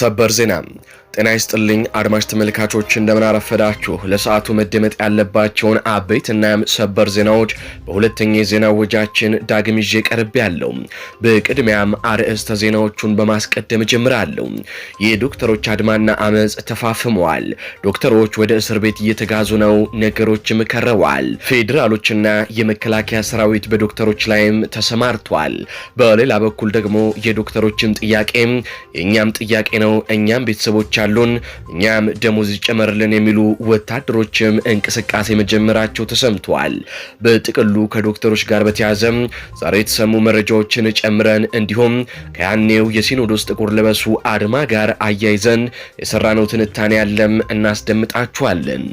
ሰበር ዜና ጤና ይስጥልኝ አድማጭ ተመልካቾች፣ እንደምን አረፈዳችሁ። ለሰዓቱ መደመጥ ያለባቸውን አበይትና ሰበር ዜናዎች በሁለተኛ የዜና ወጃችን ዳግም ይዤ ቀርብ ያለው። በቅድሚያም አርዕስተ ዜናዎቹን በማስቀደም እጀምራለሁ። የዶክተሮች አድማና አመፅ ተፋፍመዋል። ዶክተሮች ወደ እስር ቤት እየተጋዙ ነው። ነገሮችም ከረዋል። ፌዴራሎችና የመከላከያ ሰራዊት በዶክተሮች ላይም ተሰማርቷል። በሌላ በኩል ደግሞ የዶክተሮችን ጥያቄ የእኛም ጥያቄ ነው፣ እኛም ቤተሰቦች ያሉን እኛም ደሞዝ ይጨመርልን የሚሉ ወታደሮችም እንቅስቃሴ መጀመራቸው ተሰምተዋል። በጥቅሉ ከዶክተሮች ጋር በተያዘም ዛሬ የተሰሙ መረጃዎችን ጨምረን እንዲሁም ከያኔው የሲኖዶስ ጥቁር ለበሱ አድማ ጋር አያይዘን የሰራነው ትንታኔ ያለም እናስደምጣችኋለን።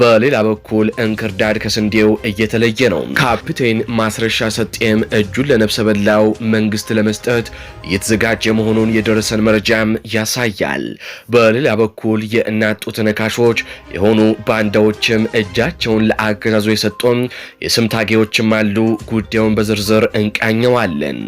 በሌላ በኩል እንክርዳድ ከስንዴው እየተለየ ነው። ካፕቴን ማስረሻ ሰጤም እጁን ለነፍሰ በላው መንግስት ለመስጠት እየተዘጋጀ መሆኑን የደረሰን መረጃም ያሳያል። በሌላ በኩል የእናት ጡት ነካሾች የሆኑ ባንዳዎችም እጃቸውን ለአገዛዙ የሰጡም የስም ታጌዎችም አሉ። ጉዳዩን በዝርዝር እንቃኘዋለን።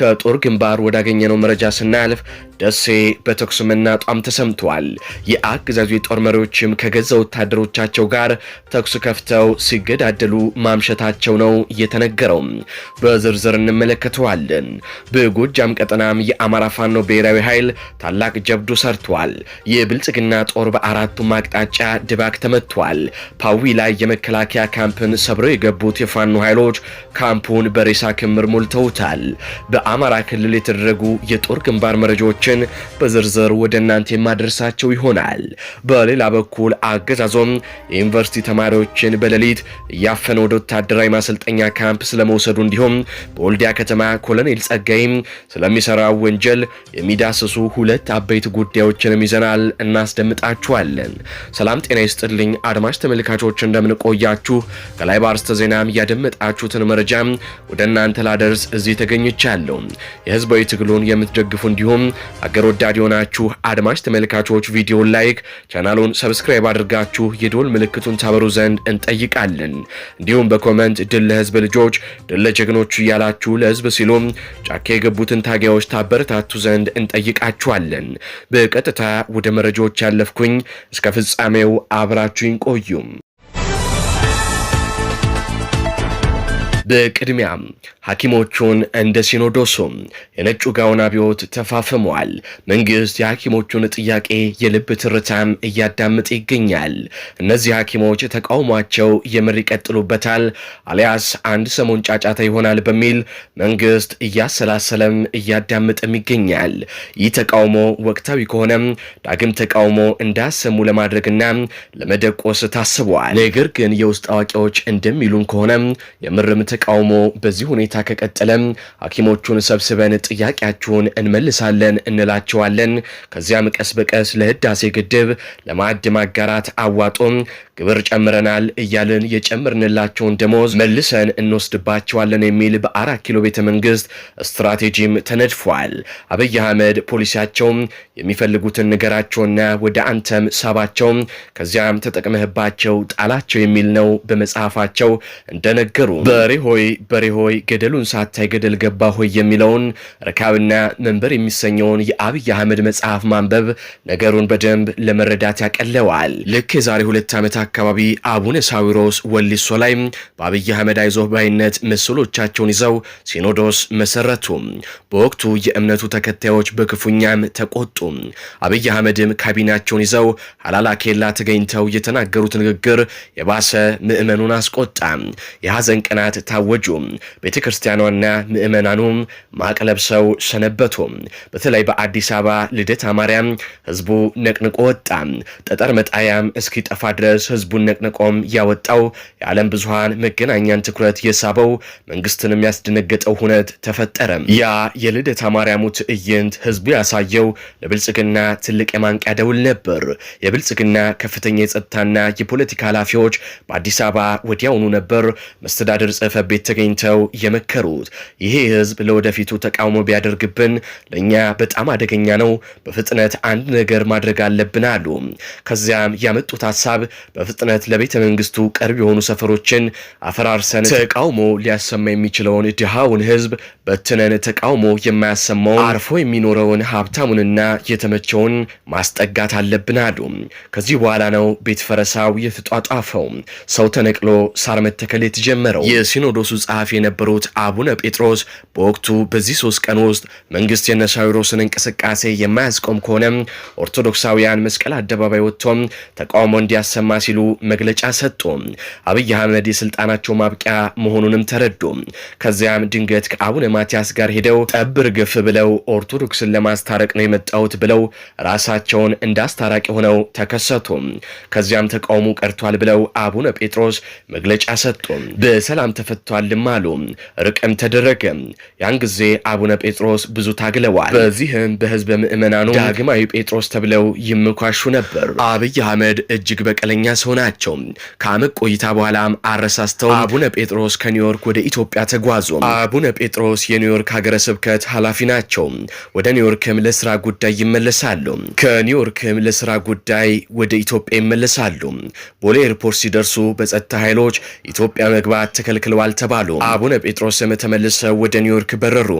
ከጦር ግንባር ወዳገኘነው መረጃ ስናልፍ ደሴ በተኩስ መናጧም ተሰምቷል። የአገዛዙ የጦር መሪዎችም ከገዛ ወታደሮቻቸው ጋር ተኩስ ከፍተው ሲገዳደሉ ማምሸታቸው ነው የተነገረው። በዝርዝር እንመለከተዋለን። በጎጃም ቀጠናም የአማራ ፋኖ ብሔራዊ ኃይል ታላቅ ጀብዱ ሰርቷል። የብልጽግና ጦር በአራቱም አቅጣጫ ድባክ ተመቷል። ፓዊ ላይ የመከላከያ ካምፕን ሰብረው የገቡት የፋኖ ኃይሎች ካምፑን በሬሳ ክምር ሞልተውታል። በአማራ ክልል የተደረጉ የጦር ግንባር መረጃዎችን መረጃዎችን በዝርዝር ወደ እናንተ የማደርሳቸው ይሆናል። በሌላ በኩል አገዛዞም የዩኒቨርሲቲ ተማሪዎችን በሌሊት እያፈነ ወደ ወታደራዊ ማሰልጠኛ ካምፕ ስለመውሰዱ እንዲሁም በወልዲያ ከተማ ኮሎኔል ጸጋይም ስለሚሰራው ወንጀል የሚዳስሱ ሁለት አበይት ጉዳዮችንም ይዘናል፣ እናስደምጣችኋለን። ሰላም ጤና ይስጥልኝ አድማጭ ተመልካቾች እንደምንቆያችሁ ከላይ በአርስተ ዜናም ያደመጣችሁትን መረጃ ወደ እናንተ ላደርስ እዚህ ተገኝቻለሁ። የህዝባዊ ትግሉን የምትደግፉ እንዲሁም አገር ወዳድ የሆናችሁ አድማጭ ተመልካቾች ቪዲዮን ላይክ፣ ቻናሉን ሰብስክራይብ አድርጋችሁ የዶል ምልክቱን ታበሩ ዘንድ እንጠይቃለን። እንዲሁም በኮመንት ድል ለህዝብ ልጆች፣ ድል ለጀግኖቹ እያላችሁ ለህዝብ ሲሉም ጫካ የገቡትን ታጋዮች ታበረታቱ ዘንድ እንጠይቃችኋለን። በቀጥታ ወደ መረጃዎች ያለፍኩኝ፣ እስከ ፍጻሜው አብራችሁኝ ቆዩም። በቅድሚያ ሐኪሞቹን እንደ ሲኖዶሱ የነጩ ጋውን አብዮት ተፋፍሟል። መንግስት የሐኪሞቹን ጥያቄ የልብ ትርታም እያዳምጥ ይገኛል። እነዚህ ሐኪሞች ተቃውሟቸው የምር ይቀጥሉበታል አሊያስ አንድ ሰሞን ጫጫታ ይሆናል በሚል መንግስት እያሰላሰለም እያዳምጥም ይገኛል። ይህ ተቃውሞ ወቅታዊ ከሆነም ዳግም ተቃውሞ እንዳሰሙ ለማድረግና ለመደቆስ ታስቧል። ነገር ግን የውስጥ አዋቂዎች እንደሚሉም ከሆነ የምርምት ተቃውሞ በዚህ ሁኔታ ከቀጠለም ሐኪሞቹን ሰብስበን ጥያቄያችሁን እንመልሳለን እንላቸዋለን። ከዚያም ቀስ በቀስ ለህዳሴ ግድብ ለማዕድ ማጋራት አዋጦ ግብር ጨምረናል እያልን የጨምርንላቸውን ደሞዝ መልሰን እንወስድባቸዋለን የሚል በአራት ኪሎ ቤተ መንግስት ስትራቴጂም ተነድፏል። አብይ አህመድ ፖሊሲያቸውም የሚፈልጉትን ንገራቸውና ወደ አንተም ሳባቸው፣ ከዚያም ተጠቅመህባቸው ጣላቸው የሚል ነው። በመጽሐፋቸው እንደነገሩ በሬሆይ በሬሆይ ገደሉን ሳታይ ገደል ገባ ሆይ የሚለውን ረካብና መንበር የሚሰኘውን የአብይ አህመድ መጽሐፍ ማንበብ ነገሩን በደንብ ለመረዳት ያቀለዋል። ልክ የዛሬ ሁለት ዓመታት አካባቢ አቡነ ሳዊሮስ ወሊሶ ላይ በአብይ አህመድ አይዞህ ባይነት ምስሎቻቸውን ይዘው ሲኖዶስ መሰረቱ። በወቅቱ የእምነቱ ተከታዮች በክፉኛም ተቆጡ። አብይ አህመድም ካቢናቸውን ይዘው ሀላላ ኬላ ተገኝተው የተናገሩት ንግግር የባሰ ምዕመኑን አስቆጣ። የሐዘን ቀናት ታወጁ። ቤተ ክርስቲያኗና ምዕመናኑም ማቅለብ ሰው ሰነበቱ። በተለይ በአዲስ አበባ ልደታ ማርያም ህዝቡ ነቅንቆ ወጣ። ጠጠር መጣያም እስኪጠፋ ድረስ ህዝቡን ነቅነቆም ያወጣው የዓለም ብዙሃን መገናኛን ትኩረት የሳበው መንግስትንም ያስደነገጠው ሁነት ተፈጠረም። ያ የልደታ ማርያሙ ትዕይንት ህዝቡ ያሳየው ለብልጽግና ትልቅ የማንቂያ ደውል ነበር። የብልጽግና ከፍተኛ የጸጥታና የፖለቲካ ኃላፊዎች በአዲስ አበባ ወዲያውኑ ነበር መስተዳድር ጽህፈት ቤት ተገኝተው የመከሩት። ይሄ ህዝብ ለወደፊቱ ተቃውሞ ቢያደርግብን ለእኛ በጣም አደገኛ ነው፣ በፍጥነት አንድ ነገር ማድረግ አለብን አሉ። ከዚያም ያመጡት ሀሳብ በ በፍጥነት ለቤተ መንግስቱ ቅርብ የሆኑ ሰፈሮችን አፈራርሰን ተቃውሞ ሊያሰማ የሚችለውን ድሃውን ህዝብ በትነን ተቃውሞ የማያሰማውን አርፎ የሚኖረውን ሀብታሙንና የተመቸውን ማስጠጋት አለብን አሉ። ከዚህ በኋላ ነው ቤት ፈረሳው የተጧጧፈው፣ ሰው ተነቅሎ ሳር መተከል የተጀመረው። የሲኖዶሱ ጸሐፊ የነበሩት አቡነ ጴጥሮስ በወቅቱ በዚህ ሶስት ቀን ውስጥ መንግስት የነሳዊሮስን እንቅስቃሴ የማያስቆም ከሆነ ኦርቶዶክሳውያን መስቀል አደባባይ ወጥቶም ተቃውሞ እንዲያሰማ ሲ ሲሉ መግለጫ ሰጡ። አብይ አህመድ የስልጣናቸው ማብቂያ መሆኑንም ተረዱ። ከዚያም ድንገት ከአቡነ ማቲያስ ጋር ሄደው ጠብር ግፍ ብለው ኦርቶዶክስን ለማስታረቅ ነው የመጣሁት ብለው ራሳቸውን እንደ አስታራቂ ሆነው ተከሰቱ። ከዚያም ተቃውሞ ቀርቷል ብለው አቡነ ጴጥሮስ መግለጫ ሰጡ። በሰላም ተፈቷልም አሉ። ርቅም ተደረገ። ያን ጊዜ አቡነ ጴጥሮስ ብዙ ታግለዋል። በዚህም በህዝበ ምእመናኑ ዳግማዊ ጴጥሮስ ተብለው ይምኳሹ ነበር። አብይ አህመድ እጅግ በቀለኛ ሰው ናቸው። ከአመት ቆይታ በኋላም አረሳስተው አቡነ ጴጥሮስ ከኒውዮርክ ወደ ኢትዮጵያ ተጓዙ። አቡነ ጴጥሮስ የኒውዮርክ ሀገረ ስብከት ኃላፊ ናቸው። ወደ ኒውዮርክም ለስራ ጉዳይ ይመለሳሉ። ከኒውዮርክም ለስራ ጉዳይ ወደ ኢትዮጵያ ይመለሳሉ። ቦሌ ኤርፖርት ሲደርሱ በጸጥታ ኃይሎች ኢትዮጵያ መግባት ተከልክለዋል ተባሉ። አቡነ ጴጥሮስም ተመልሰው ወደ ኒውዮርክ በረሩ።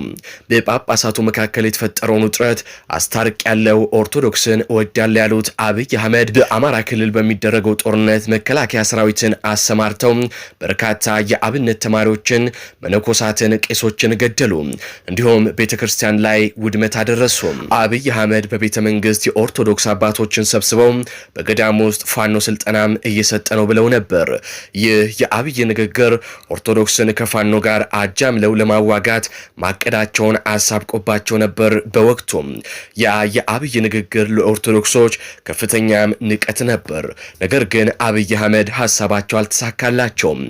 በጳጳሳቱ መካከል የተፈጠረውን ውጥረት አስታርቅ ያለው ኦርቶዶክስን እወዳለሁ ያሉት አብይ አህመድ በአማራ ክልል በሚደረገው ጦር ጦርነት መከላከያ ሰራዊትን አሰማርተው በርካታ የአብነት ተማሪዎችን፣ መነኮሳትን፣ ቄሶችን ገደሉ። እንዲሁም ቤተ ክርስቲያን ላይ ውድመት አደረሱ። አብይ አህመድ በቤተ መንግስት የኦርቶዶክስ አባቶችን ሰብስበው በገዳም ውስጥ ፋኖ ስልጠናም እየሰጠ ነው ብለው ነበር። ይህ የአብይ ንግግር ኦርቶዶክስን ከፋኖ ጋር አጃምለው ለማዋጋት ማቀዳቸውን አሳብቆባቸው ነበር። በወቅቱም ያ የአብይ ንግግር ለኦርቶዶክሶች ከፍተኛም ንቀት ነበር። ነገር ግን ግን አብይ አህመድ ሀሳባቸው አልተሳካላቸውም።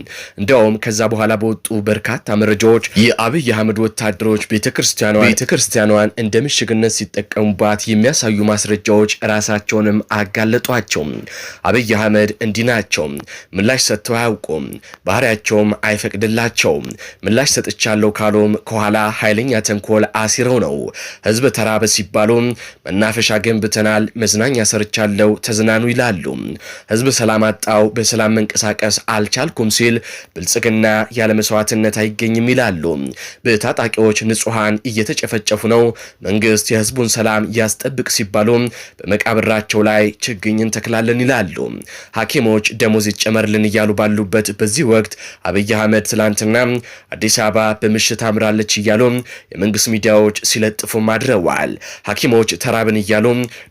እንዲያውም ከዛ በኋላ በወጡ በርካታ መረጃዎች የአብይ አህመድ ወታደሮች ቤተክርስቲያኗን እንደ ምሽግነት ሲጠቀሙባት የሚያሳዩ ማስረጃዎች ራሳቸውንም አጋለጧቸው። አብይ አህመድ እንዲህ ናቸው፣ ምላሽ ሰጥተው አያውቁም፣ ባህሪያቸውም አይፈቅድላቸውም። ምላሽ ሰጥቻለሁ ካሉም ከኋላ ኃይለኛ ተንኮል አሲረው ነው። ህዝብ ተራበ ሲባሉ መናፈሻ ገንብተናል፣ መዝናኛ ሰርቻለሁ፣ ተዝናኑ ይላሉ። ህዝብ ሰላም አጣው፣ በሰላም መንቀሳቀስ አልቻልኩም ሲል ብልጽግና ያለ መስዋዕትነት አይገኝም ይላሉ። በታጣቂዎች ንጹሐን እየተጨፈጨፉ ነው። መንግስት የህዝቡን ሰላም ያስጠብቅ ሲባሉ በመቃብራቸው ላይ ችግኝን ተክላለን ይላሉ። ሐኪሞች ደሞዝ ይጨመርልን እያሉ ባሉበት በዚህ ወቅት አብይ አህመድ ትላንትና አዲስ አበባ በምሽት አምራለች እያሉ የመንግስት ሚዲያዎች ሲለጥፉም አድረዋል። ሐኪሞች ተራብን እያሉ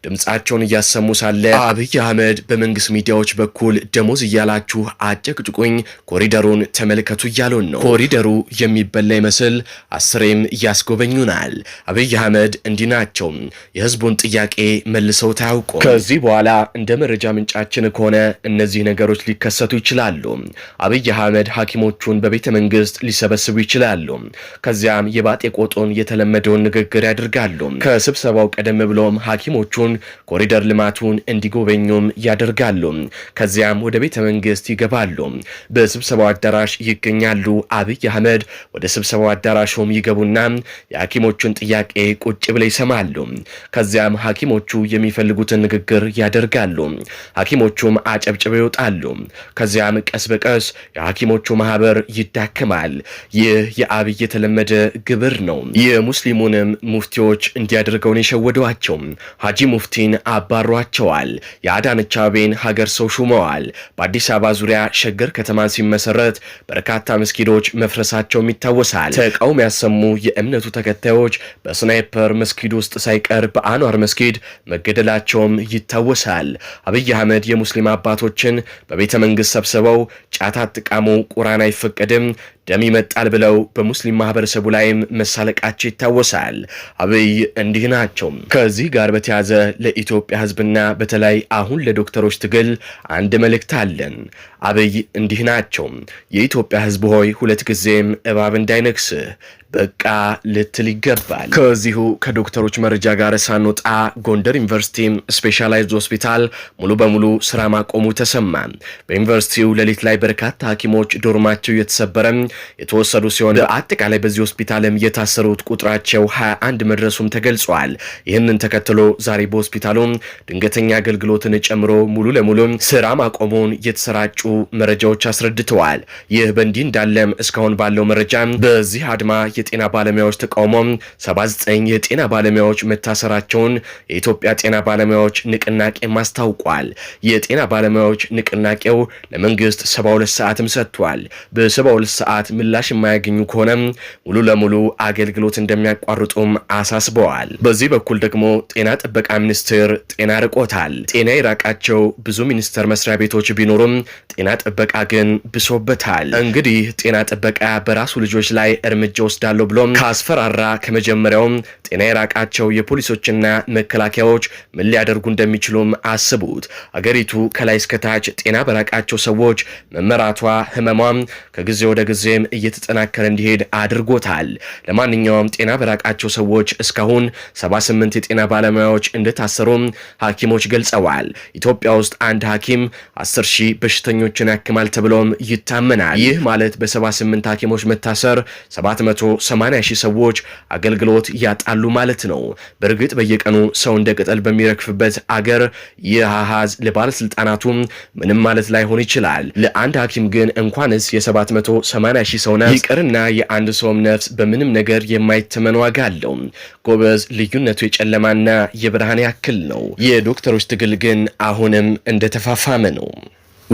ድምፃቸውን እያሰሙ ሳለ አብይ አህመድ በመንግስት ሚዲያዎች በኩል ደሞዝ እያላችሁ አጨቅጭቁኝ፣ ኮሪደሩን ተመልከቱ እያሉን ነው። ኮሪደሩ የሚበላ ይመስል አስሬም እያስጎበኙናል። አብይ አህመድ እንዲህ ናቸው። የህዝቡን ጥያቄ መልሰው ታያውቁ። ከዚህ በኋላ እንደ መረጃ ምንጫችን ከሆነ እነዚህ ነገሮች ሊከሰቱ ይችላሉ። አብይ አህመድ ሐኪሞቹን በቤተ መንግስት ሊሰበስቡ ይችላሉ። ከዚያም የባጤ ቆጡን የተለመደውን ንግግር ያደርጋሉ። ከስብሰባው ቀደም ብሎም ሐኪሞቹን ኮሪደር ልማቱን እንዲጎበኙም ያደርጋሉ። ከዚያም ወደ ቤተ መንግስት ይገባሉ። በስብሰባው አዳራሽ ይገኛሉ። አብይ አህመድ ወደ ስብሰባው አዳራሹም ይገቡና የሐኪሞቹን ጥያቄ ቁጭ ብለው ይሰማሉ። ከዚያም ሐኪሞቹ የሚፈልጉትን ንግግር ያደርጋሉ። ሐኪሞቹም አጨብጭበው ይወጣሉ። ከዚያም ቀስ በቀስ የሐኪሞቹ ማህበር ይዳክማል። ይህ የአብይ የተለመደ ግብር ነው። የሙስሊሙንም ሙፍቲዎች እንዲያደርገውን የሸወደዋቸው ሀጂ ሙፍቲን አባሯቸዋል። የአዳነች አቤቤን ሀገር ሰው ሹመዋል። በአዲስ አበባ ዙሪያ ሸገር ከተማ ሲመሰረት በርካታ መስጊዶች መፍረሳቸውም ይታወሳል። ተቃውሞ ያሰሙ የእምነቱ ተከታዮች በስናይፐር መስጊድ ውስጥ ሳይቀር በአኗር መስጊድ መገደላቸውም ይታወሳል። አብይ አህመድ የሙስሊም አባቶችን በቤተ መንግስት ሰብስበው ጫት አትቃሙ፣ ቁርአን አይፈቀድም ደም ይመጣል ብለው በሙስሊም ማህበረሰቡ ላይም መሳለቃቸው ይታወሳል። አብይ እንዲህ ናቸው። ከዚህ ጋር በተያዘ ለኢትዮጵያ ህዝብና በተለይ አሁን ለዶክተሮች ትግል አንድ መልእክት አለን። አብይ እንዲህ ናቸው። የኢትዮጵያ ህዝብ ሆይ ሁለት ጊዜም እባብ እንዳይነክስህ በቃ ልትል ይገባል። ከዚሁ ከዶክተሮች መረጃ ጋር ሳንወጣ ጎንደር ዩኒቨርሲቲም ስፔሻላይዝድ ሆስፒታል ሙሉ በሙሉ ስራ ማቆሙ ተሰማ። በዩኒቨርሲቲው ሌሊት ላይ በርካታ ሐኪሞች ዶርማቸው እየተሰበረ የተወሰዱ ሲሆን በአጠቃላይ በዚህ ሆስፒታልም የታሰሩት ቁጥራቸው 21 መድረሱም ተገልጿል። ይህንን ተከትሎ ዛሬ በሆስፒታሉ ድንገተኛ አገልግሎትን ጨምሮ ሙሉ ለሙሉ ስራ ማቆሙን የተሰራጩ መረጃዎች አስረድተዋል። ይህ በእንዲህ እንዳለም እስካሁን ባለው መረጃ በዚህ አድማ የጤና ባለሙያዎች ተቃውሞ 79 የጤና ባለሙያዎች መታሰራቸውን የኢትዮጵያ ጤና ባለሙያዎች ንቅናቄ አስታውቋል። የጤና ባለሙያዎች ንቅናቄው ለመንግስት 72 ሰዓትም ሰጥቷል። በ72 ሰዓት ምላሽ የማያገኙ ከሆነም ሙሉ ለሙሉ አገልግሎት እንደሚያቋርጡም አሳስበዋል። በዚህ በኩል ደግሞ ጤና ጥበቃ ሚኒስቴር ጤና ርቆታል። ጤና የራቃቸው ብዙ ሚኒስቴር መስሪያ ቤቶች ቢኖሩም ጤና ጥበቃ ግን ብሶበታል። እንግዲህ ጤና ጥበቃ በራሱ ልጆች ላይ እርምጃ ወስዳለሁ ብሎም ካስፈራራ ከመጀመሪያውም ጤና የራቃቸው የፖሊሶችና መከላከያዎች ምን ሊያደርጉ እንደሚችሉም አስቡት። አገሪቱ ከላይ እስከታች ጤና በራቃቸው ሰዎች መመራቷ ህመሟም ከጊዜ ወደ ጊዜም እየተጠናከረ እንዲሄድ አድርጎታል። ለማንኛውም ጤና በራቃቸው ሰዎች እስካሁን 78 የጤና ባለሙያዎች እንደታሰሩም ሐኪሞች ገልጸዋል። ኢትዮጵያ ውስጥ አንድ ሐኪም 10 ሺህ በሽተኞች በሽተኞችን ያክማል ተብሎም ይታመናል። ይህ ማለት በ78 ሐኪሞች መታሰር 780 ሺህ ሰዎች አገልግሎት ያጣሉ ማለት ነው። በእርግጥ በየቀኑ ሰው እንደ ቅጠል በሚረግፍበት አገር ይህ አሃዝ ለባለስልጣናቱም ምንም ማለት ላይሆን ይችላል። ለአንድ ሐኪም ግን እንኳንስ የ780 ሺህ ሰው ነፍስ ይቅርና የአንድ ሰውም ነፍስ በምንም ነገር የማይተመን ዋጋ አለው። ጎበዝ፣ ልዩነቱ የጨለማና የብርሃን ያክል ነው። የዶክተሮች ትግል ግን አሁንም እንደተፋፋመ ነው።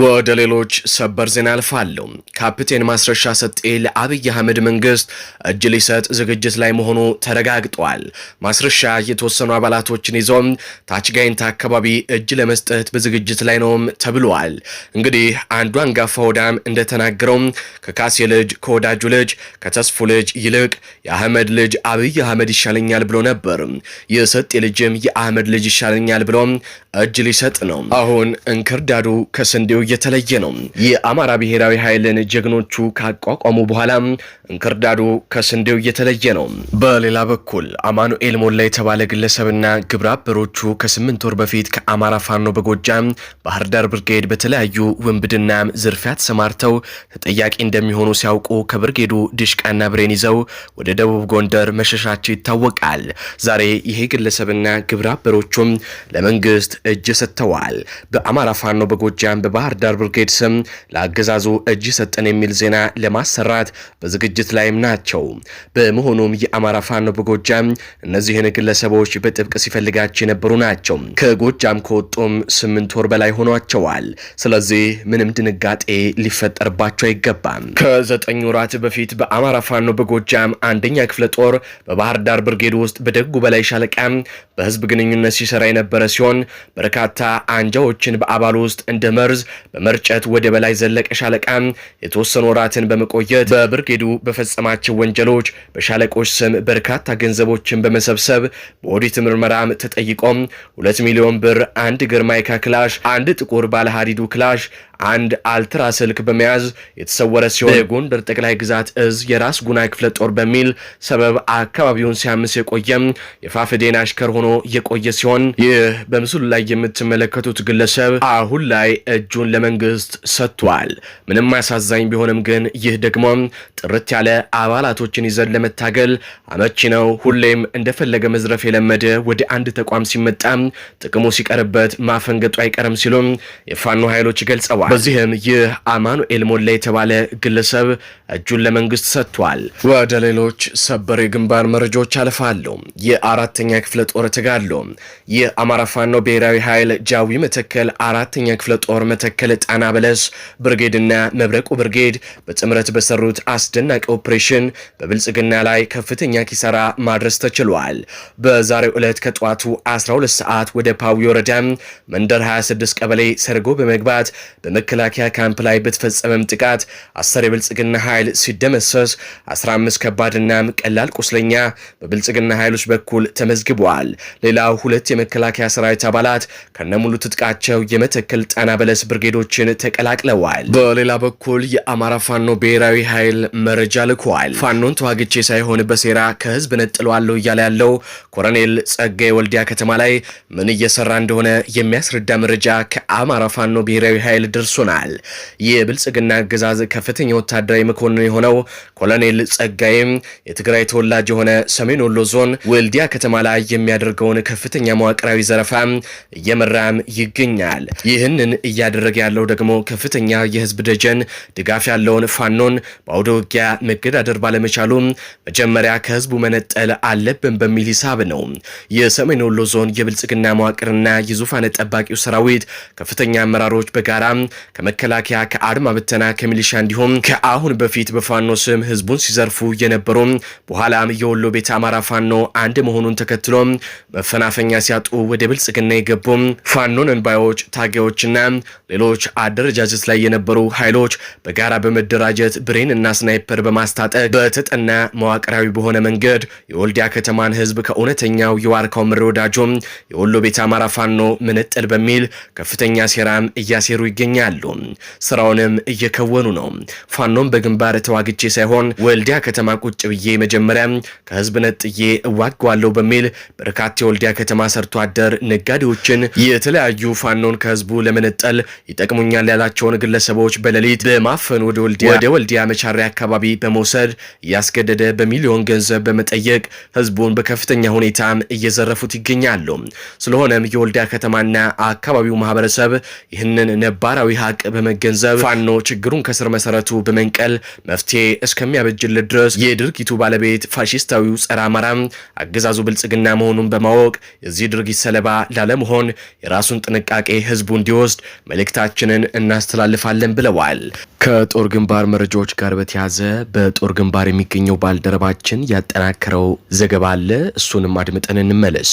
ወደ ሌሎች ሰበር ዜና አልፋለሁ። ካፕቴን ማስረሻ ሰጤ ለአብይ አህመድ መንግስት እጅ ሊሰጥ ዝግጅት ላይ መሆኑ ተረጋግጧል። ማስረሻ የተወሰኑ አባላቶችን ይዞ ታችጋይንት አካባቢ እጅ ለመስጠት በዝግጅት ላይ ነውም ተብሏል። እንግዲህ አንዱ አንጋፋ ወዳም እንደተናገረው ከካሴ ልጅ ከወዳጁ ልጅ ከተስፉ ልጅ ይልቅ የአህመድ ልጅ አብይ አህመድ ይሻለኛል ብሎ ነበር። የሰጤ ልጅም የአህመድ ልጅ ይሻለኛል ብሎ እጅ ሊሰጥ ነው። አሁን እንክርዳዱ ከስንዴው የተለየ ነው። የአማራ ብሔራዊ ኃይልን ጀግኖቹ ካቋቋሙ በኋላ እንክርዳዱ ከስንዴው እየተለየ ነው። በሌላ በኩል አማኑኤል ሞላ የተባለ ግለሰብና ግብረ አበሮቹ ከስምንት ወር በፊት ከአማራ ፋኖ በጎጃም ባህር ዳር ብርጌድ በተለያዩ ውንብድና ዝርፊያ ተሰማርተው ተጠያቂ እንደሚሆኑ ሲያውቁ ከብርጌዱ ድሽቃና ብሬን ይዘው ወደ ደቡብ ጎንደር መሸሻቸው ይታወቃል። ዛሬ ይሄ ግለሰብና ግብረ አበሮቹም ለመንግስት እጅ ሰጥተዋል። በአማራ ፋኖ በጎጃም በባህር ዳር ብርጌድ ስም ለአገዛዙ እጅ ሰጠን የሚል ዜና ለማሰራት በዝግጅት ላይም ናቸው። በመሆኑም የአማራ ፋኖ በጎጃም እነዚህን ግለሰቦች በጥብቅ ሲፈልጋቸው የነበሩ ናቸው። ከጎጃም ከወጡም ስምንት ወር በላይ ሆኗቸዋል። ስለዚህ ምንም ድንጋጤ ሊፈጠርባቸው አይገባም። ከዘጠኝ ወራት በፊት በአማራ ፋኖ በጎጃም አንደኛ ክፍለ ጦር በባህር ዳር ብርጌድ ውስጥ በደጉ በላይ ሻለቃ በህዝብ ግንኙነት ሲሰራ የነበረ ሲሆን በርካታ አንጃዎችን በአባሉ ውስጥ እንደ መርዝ በመርጨት ወደ በላይ ዘለቀ ሻለቃ የተወሰኑ ወራትን በመቆየት በብርጌዱ በፈጸማቸው ወንጀሎች በሻለቆች ስም በርካታ ገንዘቦችን በመሰብሰብ በኦዲት ምርመራም ተጠይቆም ሁለት ሚሊዮን ብር፣ አንድ ግርማይካ ክላሽ፣ አንድ ጥቁር ባለሃዲዱ ክላሽ አንድ አልትራ ስልክ በመያዝ የተሰወረ ሲሆን የጎንደር ጠቅላይ ግዛት እዝ የራስ ጉና ክፍለ ጦር በሚል ሰበብ አካባቢውን ሲያምስ የቆየም የፋፍዴን አሽከር ሆኖ የቆየ ሲሆን ይህ በምስሉ ላይ የምትመለከቱት ግለሰብ አሁን ላይ እጁን ኃላፊነቱን ለመንግስት ሰጥቷል። ምንም አሳዛኝ ቢሆንም ግን ይህ ደግሞ ጥርት ያለ አባላቶችን ይዘን ለመታገል አመቺ ነው። ሁሌም እንደፈለገ መዝረፍ የለመደ ወደ አንድ ተቋም ሲመጣ ጥቅሙ ሲቀርበት ማፈንገጡ አይቀርም ሲሉም የፋኖ ኃይሎች ገልጸዋል። በዚህም ይህ አማኑኤል ሞላ የተባለ ግለሰብ እጁን ለመንግስት ሰጥቷል። ወደ ሌሎች ሰበር የግንባር መረጃዎች አልፋሉ። የአራተኛ ክፍለ ጦር ተጋድሎ የአማራ ፋኖ ብሔራዊ ኃይል ጃዊ መተከል አራተኛ ክፍለ ጦር መተከል መካከል ጣና በለስ ብርጌድና መብረቁ ብርጌድ በጥምረት በሰሩት አስደናቂ ኦፕሬሽን በብልጽግና ላይ ከፍተኛ ኪሳራ ማድረስ ተችሏል። በዛሬው ዕለት ከጠዋቱ 12 ሰዓት ወደ ፓዊ ወረዳ መንደር 26 ቀበሌ ሰርጎ በመግባት በመከላከያ ካምፕ ላይ በተፈጸመም ጥቃት አስር የብልጽግና ኃይል ሲደመሰስ 15 ከባድና ቀላል ቁስለኛ በብልጽግና ኃይሎች በኩል ተመዝግበዋል። ሌላው ሁለት የመከላከያ ሰራዊት አባላት ከነሙሉ ትጥቃቸው የመተከል ጣና በለስ ብርጌድ ብርጌዶችን ተቀላቅለዋል። በሌላ በኩል የአማራ ፋኖ ብሔራዊ ኃይል መረጃ ልኳል። ፋኖን ተዋግቼ ሳይሆን በሴራ ከህዝብ ነጥለዋለሁ እያለ ያለው ኮሎኔል ጸጋዬ ወልዲያ ከተማ ላይ ምን እየሰራ እንደሆነ የሚያስረዳ መረጃ ከአማራ ፋኖ ብሔራዊ ኃይል ደርሶናል። የብልጽግና አገዛዝ ከፍተኛ ወታደራዊ መኮንን የሆነው ኮሎኔል ጸጋይም የትግራይ ተወላጅ የሆነ ሰሜን ወሎ ዞን ወልዲያ ከተማ ላይ የሚያደርገውን ከፍተኛ መዋቅራዊ ዘረፋ እየመራም ይገኛል። ይህንን እያደረገ እያደረገ ያለው ደግሞ ከፍተኛ የህዝብ ደጀን ድጋፍ ያለውን ፋኖን በአውደ ውጊያ መገዳደር ባለመቻሉ መጀመሪያ ከህዝቡ መነጠል አለብን በሚል ሂሳብ ነው። የሰሜን ወሎ ዞን የብልጽግና መዋቅርና የዙፋን ጠባቂው ሰራዊት ከፍተኛ አመራሮች በጋራ ከመከላከያ፣ ከአድማ ብተና፣ ከሚሊሻ እንዲሁም ከአሁን በፊት በፋኖ ስም ህዝቡን ሲዘርፉ የነበሩ በኋላም የወሎ ቤተ አማራ ፋኖ አንድ መሆኑን ተከትሎ መፈናፈኛ ሲያጡ ወደ ብልጽግና የገቡ ፋኖን እንባዮች ታጋዮችና ሌሎ ሌሎች አደረጃጀት ላይ የነበሩ ኃይሎች በጋራ በመደራጀት ብሬን እና ስናይፐር በማስታጠቅ በተጠና መዋቅራዊ በሆነ መንገድ የወልዲያ ከተማን ህዝብ ከእውነተኛው የዋርካው ምሬ ወዳጆም የወሎ ቤተ አማራ ፋኖ ምንጥል በሚል ከፍተኛ ሴራም እያሴሩ ይገኛሉ። ስራውንም እየከወኑ ነው። ፋኖም በግንባር ተዋግቼ ሳይሆን ወልዲያ ከተማ ቁጭ ብዬ መጀመሪያ ከህዝብ ነጥዬ እዋገዋለሁ በሚል በርካታ የወልዲያ ከተማ ሰርቶ አደር ነጋዴዎችን የተለያዩ ፋኖን ከህዝቡ ለመነጠል ይጠቅሙኛል ያላቸውን ግለሰቦች በሌሊት በማፈን ወደ ወልዲያ ወደ ወልዲያ መቻሪያ አካባቢ በመውሰድ እያስገደደ በሚሊዮን ገንዘብ በመጠየቅ ህዝቡን በከፍተኛ ሁኔታም እየዘረፉት ይገኛሉ። ስለሆነም የወልዲያ ከተማና አካባቢው ማህበረሰብ ይህንን ነባራዊ ሀቅ በመገንዘብ ፋኖ ችግሩን ከስር መሰረቱ በመንቀል መፍትሄ እስከሚያበጅለት ድረስ የድርጊቱ ባለቤት ፋሽስታዊው ጸረ አማራ አገዛዙ ብልጽግና መሆኑን በማወቅ የዚህ ድርጊት ሰለባ ላለመሆን የራሱን ጥንቃቄ ህዝቡ እንዲወስድ መልእክታ መልእክታችንን እናስተላልፋለን ብለዋል። ከጦር ግንባር መረጃዎች ጋር በተያዘ በጦር ግንባር የሚገኘው ባልደረባችን ያጠናከረው ዘገባ አለ። እሱንም አድምጠን እንመለስ።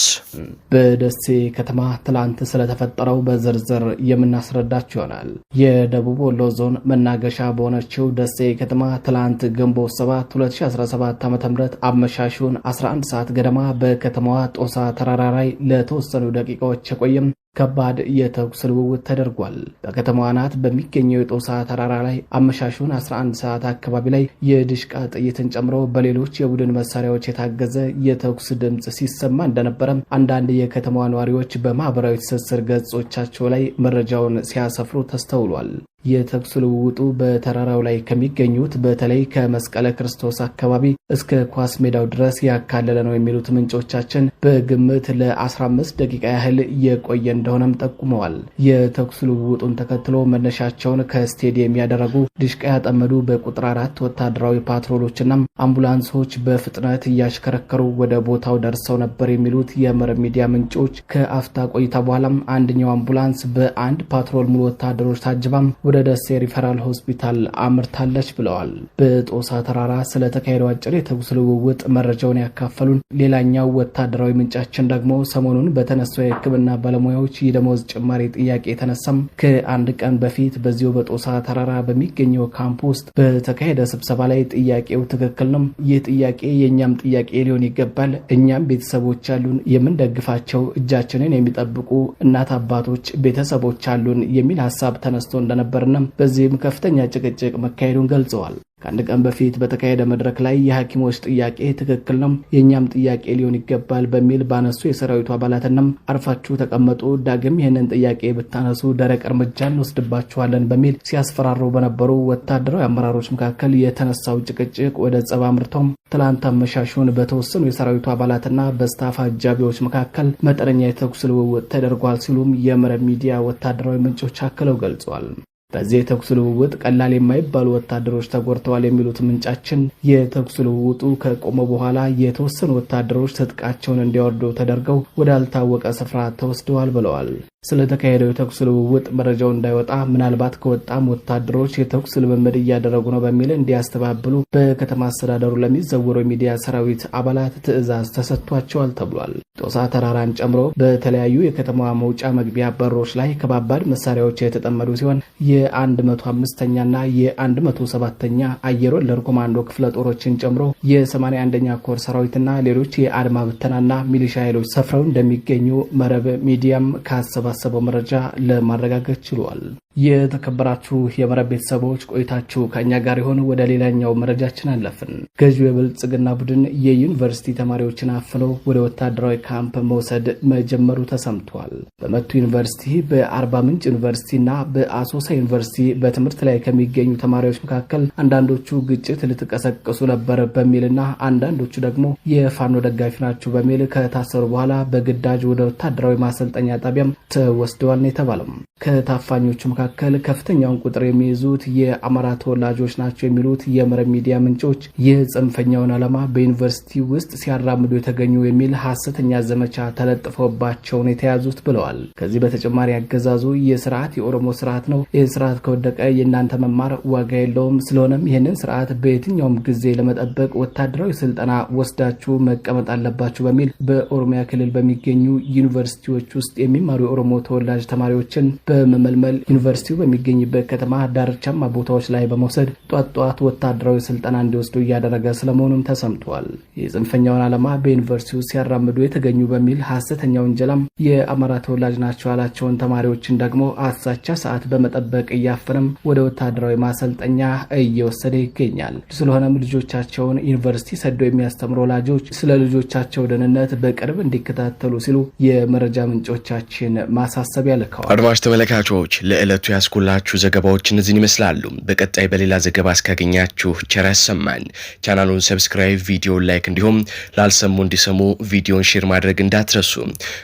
በደሴ ከተማ ትላንት ስለተፈጠረው በዝርዝር የምናስረዳች ይሆናል። የደቡብ ወሎ ዞን መናገሻ በሆነችው ደሴ ከተማ ትላንት ግንቦት 7 2017 ዓ ም አመሻሹን 11 ሰዓት ገደማ በከተማዋ ጦሳ ተራራ ላይ ለተወሰኑ ደቂቃዎች የቆየም ከባድ የተኩስ ልውውጥ ተደርጓል። በከተማዋ ናት በሚገኘው የጦሳ ተራራ ላይ አመሻሹን 11 ሰዓት አካባቢ ላይ የድሽቃ ጥይትን ጨምሮ በሌሎች የቡድን መሳሪያዎች የታገዘ የተኩስ ድምፅ ሲሰማ እንደነበረም አንዳንድ የከተማዋ ነዋሪዎች በማህበራዊ ትስስር ገጾቻቸው ላይ መረጃውን ሲያሰፍሩ ተስተውሏል። የተኩስ ልውውጡ በተራራው ላይ ከሚገኙት በተለይ ከመስቀለ ክርስቶስ አካባቢ እስከ ኳስ ሜዳው ድረስ ያካለለ ነው የሚሉት ምንጮቻችን በግምት ለ15 ደቂቃ ያህል የቆየ እንደሆነም ጠቁመዋል። የተኩስ ልውውጡን ተከትሎ መነሻቸውን ከስቴዲየም ያደረጉ ድሽቃ ያጠመዱ በቁጥር አራት ወታደራዊ ፓትሮሎችና አምቡላንሶች በፍጥነት እያሽከረከሩ ወደ ቦታው ደርሰው ነበር የሚሉት የመረብ ሚዲያ ምንጮች ከአፍታ ቆይታ በኋላም አንደኛው አምቡላንስ በአንድ ፓትሮል ሙሉ ወታደሮች ታጅባም ወደ ደሴ ሪፈራል ሆስፒታል አምርታለች ብለዋል። በጦሳ ተራራ ስለተካሄደው አጭር የተኩስ ልውውጥ መረጃውን ያካፈሉን ሌላኛው ወታደራዊ ምንጫችን ደግሞ ሰሞኑን በተነሳው የሕክምና ባለሙያዎች የወጣቶች የደሞዝ ጭማሪ ጥያቄ የተነሳም ከአንድ ቀን በፊት በዚሁ በጦሳ ተራራ በሚገኘው ካምፕ ውስጥ በተካሄደ ስብሰባ ላይ ጥያቄው ትክክል ነው፣ ይህ ጥያቄ የእኛም ጥያቄ ሊሆን ይገባል፣ እኛም ቤተሰቦች አሉን የምንደግፋቸው፣ እጃችንን የሚጠብቁ እናት አባቶች፣ ቤተሰቦች አሉን የሚል ሀሳብ ተነስቶ እንደነበርና በዚህም ከፍተኛ ጭቅጭቅ መካሄዱን ገልጸዋል። ከአንድ ቀን በፊት በተካሄደ መድረክ ላይ የሐኪሞች ጥያቄ ትክክል ነው፣ የእኛም ጥያቄ ሊሆን ይገባል በሚል ባነሱ የሰራዊቱ አባላትንም አርፋችሁ ተቀመጡ፣ ዳግም ይህንን ጥያቄ ብታነሱ ደረቅ እርምጃ እንወስድባችኋለን በሚል ሲያስፈራሩ በነበሩ ወታደራዊ አመራሮች መካከል የተነሳው ጭቅጭቅ ወደ ጸብ አምርቶም ትላንት አመሻሹን በተወሰኑ የሰራዊቱ አባላትና በስታፍ አጃቢዎች መካከል መጠነኛ የተኩስ ልውውጥ ተደርጓል ሲሉም የመረብ ሚዲያ ወታደራዊ ምንጮች አክለው ገልጿል። በዚህ የተኩስ ልውውጥ ቀላል የማይባሉ ወታደሮች ተጎድተዋል የሚሉት ምንጫችን የተኩስ ልውውጡ ከቆመ በኋላ የተወሰኑ ወታደሮች ትጥቃቸውን እንዲያወርዱ ተደርገው ወዳልታወቀ ስፍራ ተወስደዋል ብለዋል። ስለተካሄደው የተኩስ ልውውጥ መረጃው እንዳይወጣ ምናልባት ከወጣም ወታደሮች የተኩስ ልምምድ እያደረጉ ነው በሚል እንዲያስተባብሉ በከተማ አስተዳደሩ ለሚዘወሩ የሚዲያ ሰራዊት አባላት ትዕዛዝ ተሰጥቷቸዋል ተብሏል። ጦሳ ተራራን ጨምሮ በተለያዩ የከተማዋ መውጫ መግቢያ በሮች ላይ ከባባድ መሳሪያዎች የተጠመዱ ሲሆን የ የ105ኛና የ107ኛ አየር ወለድ ኮማንዶ ክፍለ ጦሮችን ጨምሮ የ81ኛ ኮር ሰራዊትና ሌሎች የአድማ ብተናና ሚሊሻ ኃይሎች ሰፍረው እንደሚገኙ መረብ ሚዲያም ካሰባሰበው መረጃ ለማረጋገጥ ችሏል። የተከበራችሁ የመረብ ቤተሰቦች ቆይታችሁ ከእኛ ጋር የሆኑ ወደ ሌላኛው መረጃችን አለፍን። ገዢው የብልጽግና ቡድን የዩኒቨርሲቲ ተማሪዎችን አፍኖ ወደ ወታደራዊ ካምፕ መውሰድ መጀመሩ ተሰምቷል። በመቱ ዩኒቨርሲቲ፣ በአርባ ምንጭ ዩኒቨርሲቲና በአሶሳ ዩኒቨርሲቲ በትምህርት ላይ ከሚገኙ ተማሪዎች መካከል አንዳንዶቹ ግጭት ልትቀሰቅሱ ነበር በሚልና አንዳንዶቹ ደግሞ የፋኖ ደጋፊ ናችሁ በሚል ከታሰሩ በኋላ በግዳጅ ወደ ወታደራዊ ማሰልጠኛ ጣቢያም ተወስደዋል ነው የተባለም። ከታፋኞቹ መካከል መካከል ከፍተኛውን ቁጥር የሚይዙት የአማራ ተወላጆች ናቸው የሚሉት የመረብ ሚዲያ ምንጮች ይህ ጽንፈኛውን ዓላማ በዩኒቨርሲቲ ውስጥ ሲያራምዱ የተገኙ የሚል ሀሰተኛ ዘመቻ ተለጥፈውባቸውን የተያዙት ብለዋል። ከዚህ በተጨማሪ አገዛዙ የስርዓት የኦሮሞ ስርዓት ነው፣ ይህ ስርዓት ከወደቀ የእናንተ መማር ዋጋ የለውም፣ ስለሆነም ይህንን ስርዓት በየትኛውም ጊዜ ለመጠበቅ ወታደራዊ ስልጠና ወስዳችሁ መቀመጥ አለባችሁ በሚል በኦሮሚያ ክልል በሚገኙ ዩኒቨርሲቲዎች ውስጥ የሚማሩ የኦሮሞ ተወላጅ ተማሪዎችን በመመልመል ዩኒቨርሲቲው በሚገኝበት ከተማ ዳርቻማ ቦታዎች ላይ በመውሰድ ጧት ጧት ወታደራዊ ስልጠና እንዲወስዱ እያደረገ ስለመሆኑም ተሰምቷል። የጽንፈኛውን ዓላማ በዩኒቨርሲቲው ሲያራምዱ የተገኙ በሚል ሐሰተኛ ወንጀላም የአማራ ተወላጅ ናቸው ያላቸውን ተማሪዎችን ደግሞ አሳቻ ሰዓት በመጠበቅ እያፈነም ወደ ወታደራዊ ማሰልጠኛ እየወሰደ ይገኛል። ስለሆነም ልጆቻቸውን ዩኒቨርሲቲ ሰደው የሚያስተምሩ ወላጆች ስለ ልጆቻቸው ደህንነት በቅርብ እንዲከታተሉ ሲሉ የመረጃ ምንጮቻችን ማሳሰቢያ ልከዋል። አድማጭ ተመልካቾች ለዕለቱ ለሰዓቱ ያስኩላችሁ ዘገባዎች እነዚህን ይመስላሉ። በቀጣይ በሌላ ዘገባ እስካገኛችሁ ቸር ያሰማን። ቻናሉን ሰብስክራይብ፣ ቪዲዮን ላይክ እንዲሁም ላልሰሙ እንዲሰሙ ቪዲዮን ሼር ማድረግ እንዳትረሱ።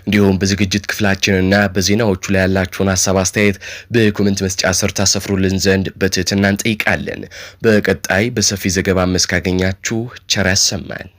እንዲሁም በዝግጅት ክፍላችንና በዜናዎቹ ላይ ያላችሁን ሀሳብ አስተያየት በኮሜንት መስጫ ስር ታሰፍሩልን ዘንድ በትህትና እንጠይቃለን። በቀጣይ በሰፊ ዘገባ እስካገኛችሁ ቸር ያሰማን።